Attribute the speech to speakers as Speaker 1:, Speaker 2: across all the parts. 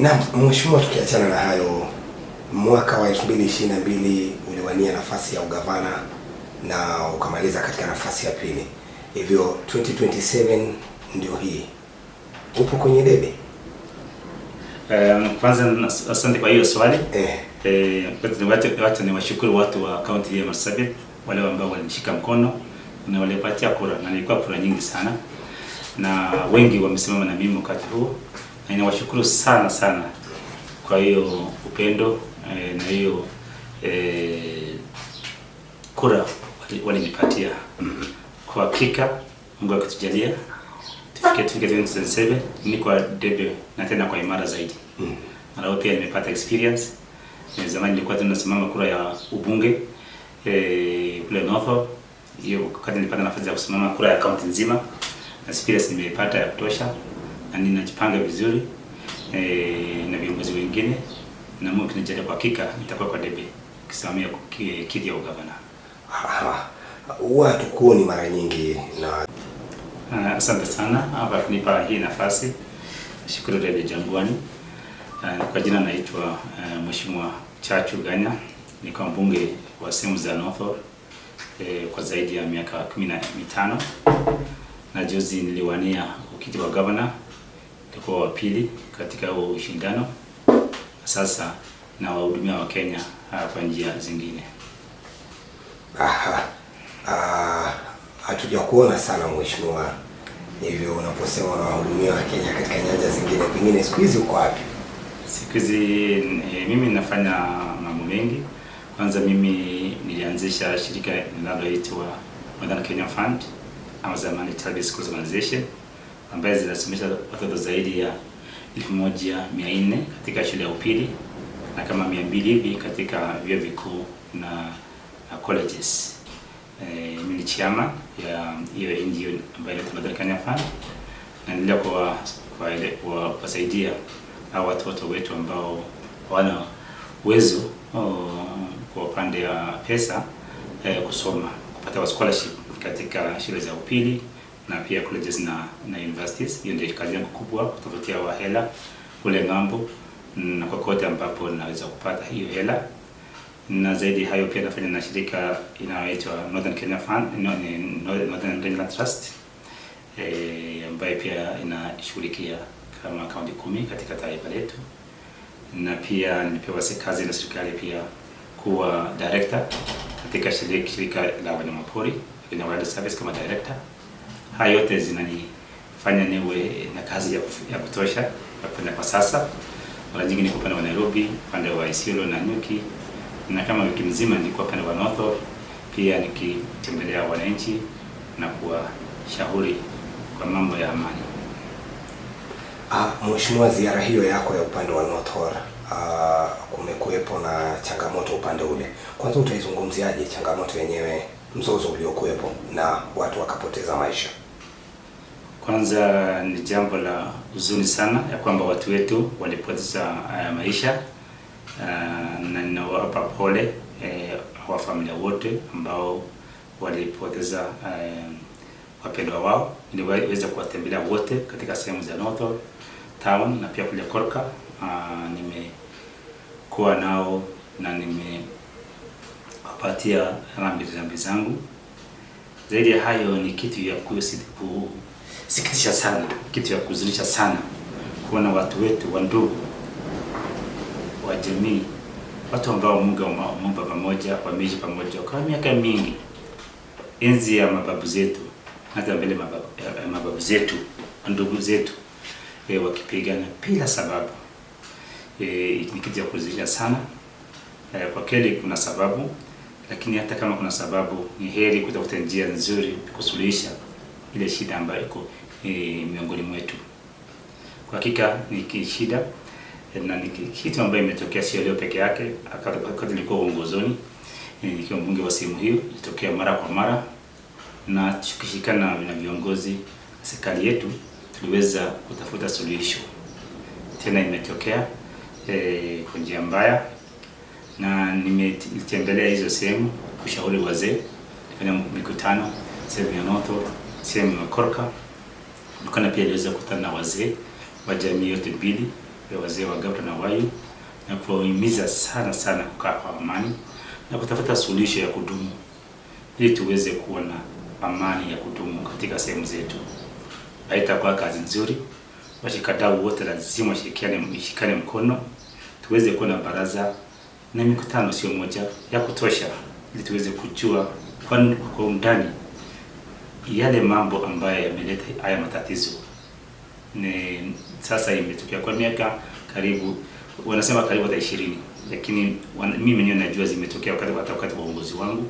Speaker 1: Na mheshimiwa, tukiachana na hayo, mwaka wa 2022 uliwania nafasi ya ugavana na ukamaliza katika nafasi ya pili, hivyo 2027 ndio hii, upo kwenye debe?
Speaker 2: Um, kwanza asante kwa hiyo swali eh. Eh, wacha ni washukuru watu wa kaunti ya Marsabit wale ambao walinishika mkono na walipatia kura na nilikuwa kura nyingi sana, na wengi wamesimama na mimi wakati huo na Ninawashukuru sana sana kwa hiyo upendo eh, na hiyo eh, kura walinipatia wali kwa hakika, Mungu akitujalia ni kwa debe na tena kwa imara zaidi. Nalao pia nimepata experience e, zamani nilikuwa tunasimama kura ya ubunge e, kule North hiyo, wakati nilipata nafasi ya kusimama kura ya kaunti nzima na experience nimeipata ya kutosha na ninajipanga vizuri e, na viongozi wengine na Mungu kinajalia kwa hakika nitakuwa kwa debe kisimamia kiti ya ugavana.
Speaker 1: Huwa hatukuoni mara nyingi na
Speaker 2: ah, asante sana hapa kunipa hii nafasi. Shukuru Radio Jangwani. Uh, kwa jina naitwa eh, Mheshimiwa Chachu Ganya, nilikuwa mbunge wa sehemu za North eh, kwa zaidi ya miaka kumi na mitano na juzi niliwania ukiti wa governor tulikuwa wa pili katika ushindano. Sasa na wahudumia wa Kenya ah, kwa njia zingine.
Speaker 1: Aha. Ah, sana mheshimiwa, hivyo unaposema na wahudumia wa Kenya katika nyanja zingine, pengine siku hizi uko wapi?
Speaker 2: Siku hizi eh, mimi nafanya mambo mengi. Kwanza mimi nilianzisha shirika linaloitwa Modern Kenya Fund ama zamani Tabias Organization ambaye zinasomesha watoto zaidi ya 1400 katika shule ya upili na kama 200 hivi katika vyuo vikuu na, na colleges. E, mimi ni chama ya hiyo NGO ambayo Mother Kenya Fund na nilikuwa kwa kwa ile kwa kusaidia hao watoto wetu ambao hawana uwezo kwa upande wa pesa e, kusoma kupata scholarship katika shule za upili na pia colleges na, na universities. Hiyo ndio kazi yangu kubwa, kutafutia hela kule ng'ambo na kokote ambapo naweza kupata hiyo hela. Na zaidi hayo pia nafanya na shirika inayoitwa Northern Kenya Fund, no, Northern Kenya Trust e, ambayo pia inashughulikia kama kaunti kumi katika taifa letu, na pia nipewa kazi na serikali pia kuwa director katika shirika, shirika la wanyamapori Kenya Wildlife Service kama director haya yote zinanifanya niwe na kazi ya kutosha ya kufanya kwa sasa. Mara nyingi niko upande wa Nairobi, upande wa Isiolo na Nyuki, na kama wiki mzima nilikuwa upande wa North, pia nikitembelea wananchi na kuwashauri kwa mambo ya amani.
Speaker 1: Ah, mheshimiwa, ziara hiyo yako ya upande wa North ah, kumekuwepo na changamoto upande ule. Kwanza utaizungumziaje changamoto yenyewe, mzozo uliokuwepo na watu wakapoteza maisha?
Speaker 2: Kwanza ni jambo la huzuni sana ya kwamba watu wetu walipoteza uh, maisha uh, na ninawapa pole uh, eh, wa familia wote ambao walipoteza uh, wapendwa wao. Niliweza kuwatembelea wote katika sehemu za North Town na pia kule Korka uh, ah, nimekuwa nao na nimewapatia rambirambi zangu. Zaidi ya hayo ni kitu ya Sikitisha sana, kitu ya kuzunisha sana kuona watu wetu wa ndugu wa jamii, watu ambao Mungu ameumba pamoja, wameishi pamoja kwa miaka mingi, enzi ya mababu zetu, hata mbele mababu, mababu zetu, ndugu zetu e, wakipigana bila sababu e, ni kitu ya kuzunisha sana e, kwa kweli kuna sababu, lakini hata kama kuna sababu, ni heri kutafuta njia nzuri kusuluhisha ile shida ambayo iko e, miongoni mwetu. Kwa hakika ni shida na ni kitu ambayo imetokea sio leo peke yake. Wakati nilikuwa uongozoni e, nikiwa mbunge wa sehemu hiyo, ilitokea mara kwa mara, na tukishikana na viongozi serikali yetu tuliweza kutafuta suluhisho. Tena imetokea e, kwa njia mbaya, na nimetembelea hizo sehemu kushauri wazee, kufanya mikutano sehemu ya Noto sehemu Korka. Dukana pia aliweza kukutana na wazee wa jamii yote mbili ya wazee wa Gabra na Wayu na kuwahimiza sana sana kukaa kwa amani na kutafuta suluhisho ya kudumu ili tuweze kuwa na amani ya kudumu katika sehemu zetu. Haitakuwa kazi nzuri. Washikadau wote lazima washikane mkono, tuweze kuwa na baraza na mikutano sio moja ya kutosha, ili tuweze kujua kwa undani yale mambo ambayo yameleta haya matatizo ni sasa imetokea kwa miaka karibu, wanasema karibu hata ishirini, lakini mimi mwenyewe najua zimetokea wakati hata wakati wa uongozi wangu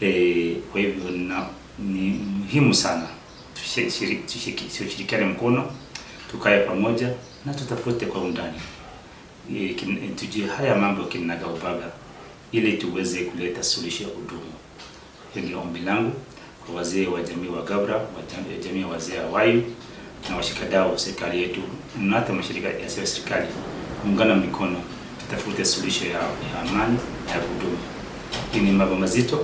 Speaker 2: e, kwa hivyo na ni muhimu sana tushirikiane mkono tukae pamoja na tutafute kwa undani e, e tujue haya mambo kinagaubaga ili tuweze kuleta suluhisho ya kudumu. Hiyo ndio ombi langu wazee wa jamii wa Gabra, wa eh, jamii ya wazee wa Wayu na washikadau wa serikali yetu na hata mashirika yasiyo ya serikali kuungana mikono, tutafute suluhisho ya, ya amani ya kudumu. Hii ni mambo mazito.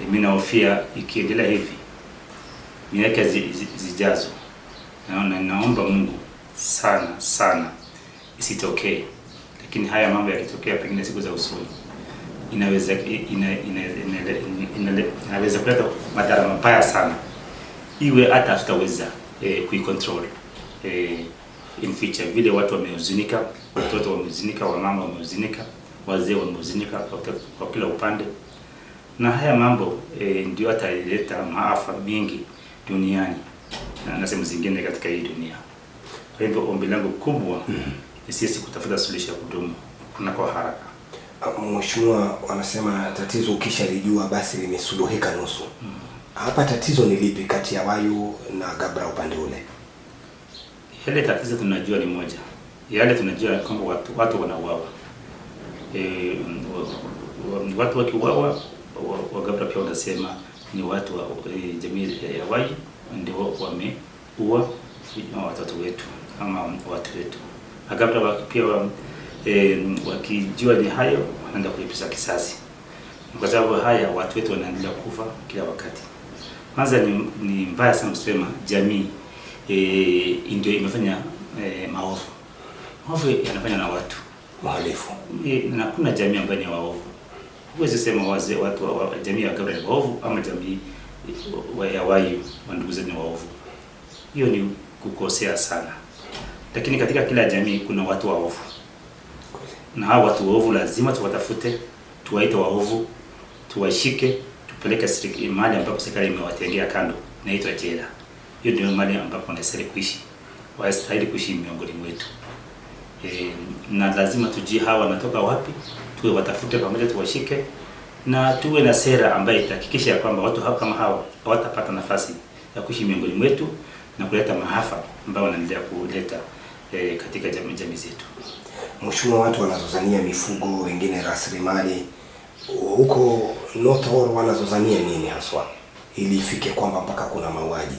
Speaker 2: Eh, mimi nahofia ikiendelea hivi miaka zijazo, naona naomba Mungu sana sana isitokee, lakini haya mambo yakitokea, pengine siku za usoni inaweza inaweza kuleta madhara mabaya sana, iwe hata hatutaweza eh, kuicontrol eh, in future vile watu wamehuzunika, watoto wamehuzunika, wamama wamehuzunika, wazee wamehuzunika kwa kila upande, na haya mambo eh, ndio ataleta maafa mengi duniani na, sehemu zingine katika hii dunia. Kwa hivyo ombi langu kubwa mm-hmm. ni sisi kutafuta suluhisho ya kudumu kuna kwa haraka
Speaker 1: mheshimiwa, wanasema tatizo ukishalijua basi limesuluhika nusu. Hapa tatizo ni lipi kati ya Wayu na Gabra upande ule?
Speaker 2: Yale tatizo tunajua ni moja, yale tunajua kwamba watu watu wanauawa. E, um, watu wakiuawa Wagabra pia wanasema ni watu wa e, jamii ya Wayu ndio wameua watoto wetu ama watu wetu Wagabra pia wa, e, wakijua ni hayo wanaenda kulipiza kisasi, kwa sababu haya watu wetu wanaendelea kufa kila wakati. Kwanza ni, ni mbaya sana kusema jamii e, ndio imefanya e, maovu. Maovu yanafanya na watu wahalifu e, na kuna jamii ambayo ni waovu. Huwezi sema wazee watu wa, wa, jamii ya Gabriel ni waovu ama jamii wa, ya Wayu ndugu zetu ni waovu. Hiyo ni kukosea sana, lakini katika kila jamii kuna watu waovu na hawa watu waovu lazima tuwatafute, tuwaite waovu, tuwashike, tupeleke serikali mahali ambapo serikali imewatengea kando, naitwa jela. Hiyo ndio mahali ambapo wanastahili kuishi, wanastahili kuishi miongoni mwetu. E, na lazima tujie hawa wanatoka wapi, tuwe watafute pamoja, tuwashike na tuwe na sera ambayo itahakikisha ya kwamba watu hao kama hawa hawatapata nafasi ya kuishi miongoni mwetu na kuleta maafa ambayo wanaendelea kuleta e, katika jamii jamii zetu.
Speaker 1: Mheshimiwa, watu wanazozania mifugo, wengine rasilimali huko North Horr, wanazozania nini haswa ili ifike kwamba mpaka kuna mauaji?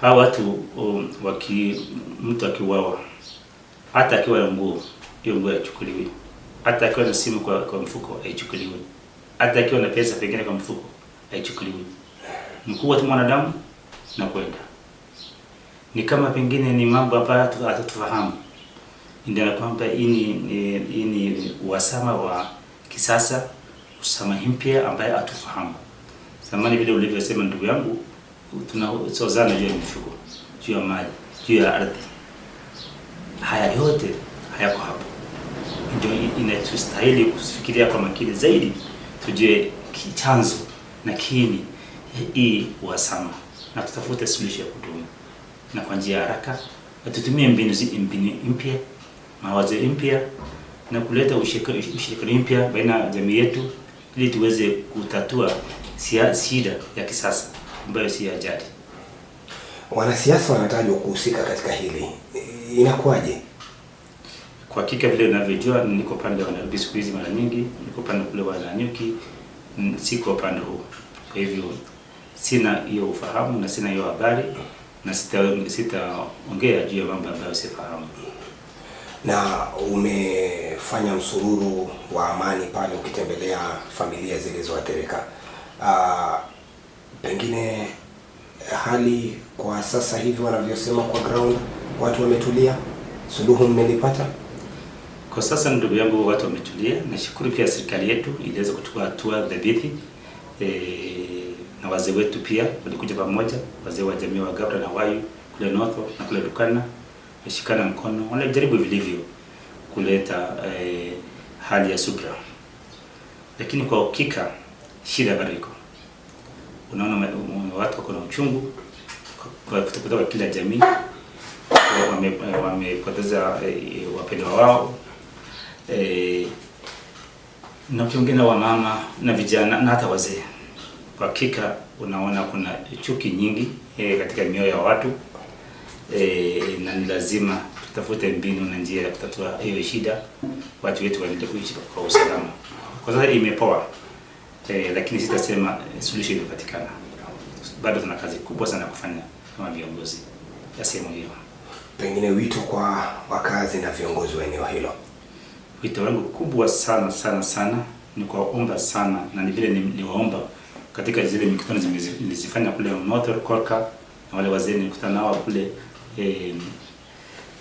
Speaker 2: Hawa watu um, waki mtu akiuawa hata akiwa na nguo, hiyo nguo haichukuliwi, hata akiwa na simu kwa, kwa mfuko haichukuliwi, hata akiwa na pesa pengine kwa mfuko haichukuliwi. Mkuu wa mwanadamu na kwenda ni kama pengine ni mambo ambayo hatatufahamu, ndio kwamba hii ni uhasama wa kisasa, usama mpya ambaye hatufahamu. Zamani vile ulivyosema ndugu yangu, tunasozana juu ya mifugo, juu ya maji, juu ya ardhi. Haya yote hayako hapo, ndio inatustahili kufikiria kwa makini zaidi, tujue kichanzo na kiini hii uhasama na tutafute suluhisho ya kudumu na kwa njia ya haraka, na tutumie mbinu mpya, mawazo mpya na kuleta ushirikiano mpya baina ya jamii yetu ili tuweze kutatua shida ya kisasa ambayo si ya jadi.
Speaker 1: Wanasiasa wanatajwa kuhusika katika hili, inakuwaje?
Speaker 2: Kwa hakika vile unavyojua, niko pande wa Nairobi siku hizi, mara nyingi niko pande kule wa Nanyuki, siko pande huu, kwa hivyo sina hiyo ufahamu na sina hiyo habari na sitaongea sita juu ya mambo ambayo sifahamu.
Speaker 1: Na umefanya msururu wa amani pale ukitembelea familia zilizoathirika, ah, pengine hali kwa sasa hivi wanavyosema kwa ground, watu wametulia, suluhu mmelipata?
Speaker 2: Kwa sasa ndugu yangu, watu wametulia. Nashukuru pia serikali yetu iliweza kuchukua hatua dhabiti e, na wazee wetu pia walikuja pamoja, wazee wa jamii wa Gabra na Wayu kule North na kule Dukana, washikana mkono, walijaribu vilivyo kuleta eh, hali ya subra, lakini kwa hakika shida bado iko. Unaona um, um, watu wako na uchungu kwa kila jamii, eh, wamepoteza eh, wapendwa wao eh, na ukiongea na wamama na vijana na hata wazee kwa hakika unaona kuna chuki nyingi e, katika mioyo ya watu e, na ni lazima tutafute mbinu na njia ya kutatua hiyo shida, watu wetu waende kuishi kwa usalama. Kwa sasa imepoa e, lakini sitasema solution imepatikana. Bado tuna kazi kubwa sana kufanya kama viongozi ya sehemu hiyo.
Speaker 1: Pengine wito kwa wakazi na viongozi wa eneo hilo,
Speaker 2: wito wangu kubwa sana sana sana ni kuwaomba sana, na ni vile niliwaomba katika zile mikutano nilizifanya kule Motor Korka na wale wazee nilikutana nao kule eh,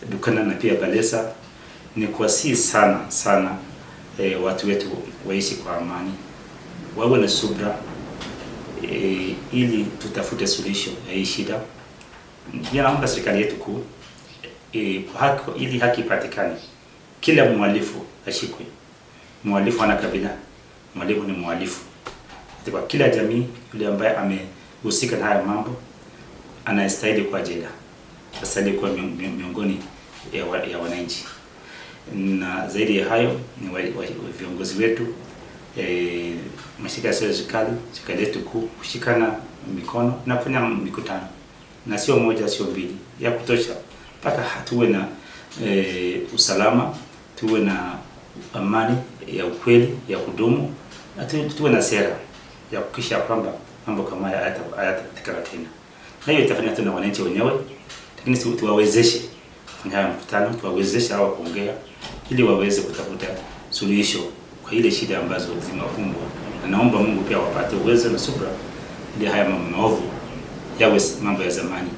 Speaker 2: Dukana na pia Balesa, ni kuwasihi sana sana eh, watu wetu waishi kwa amani, wawe na subra eh, ili tutafute suluhisho ya hii shida. Naomba serikali yetu kuu eh, ili haki ipatikane, kila mhalifu ashikwe. Mhalifu ana kabila, mhalifu ni mhalifu kwa kila jamii yule ambaye amehusika na haya mambo anastahili kwa jela, anastahili kuwa miongoni ya, wa, ya wananchi. Na zaidi ya hayo ni wa, wa, viongozi wetu e, mashirika ya serikali, serikali yetu kuu kushikana mikono na kufanya mikutano, na sio moja sio mbili, ya kutosha mpaka hatuwe na e, usalama, tuwe na amani ya ukweli ya kudumu na tuwe na sera ya kuhakikisha kwamba mambo kama haya hayatapatikana tena. Na hiyo itafanya tena wananchi wenyewe, lakini si tuwawezeshe kufanya haya mkutano, tuwawezeshe hawa kuongea ili waweze kutafuta suluhisho kwa ile shida ambazo zimewakumbwa, na naomba Mungu pia wapate uwezo na subra ili haya mambo maovu yawe mambo ya zamani.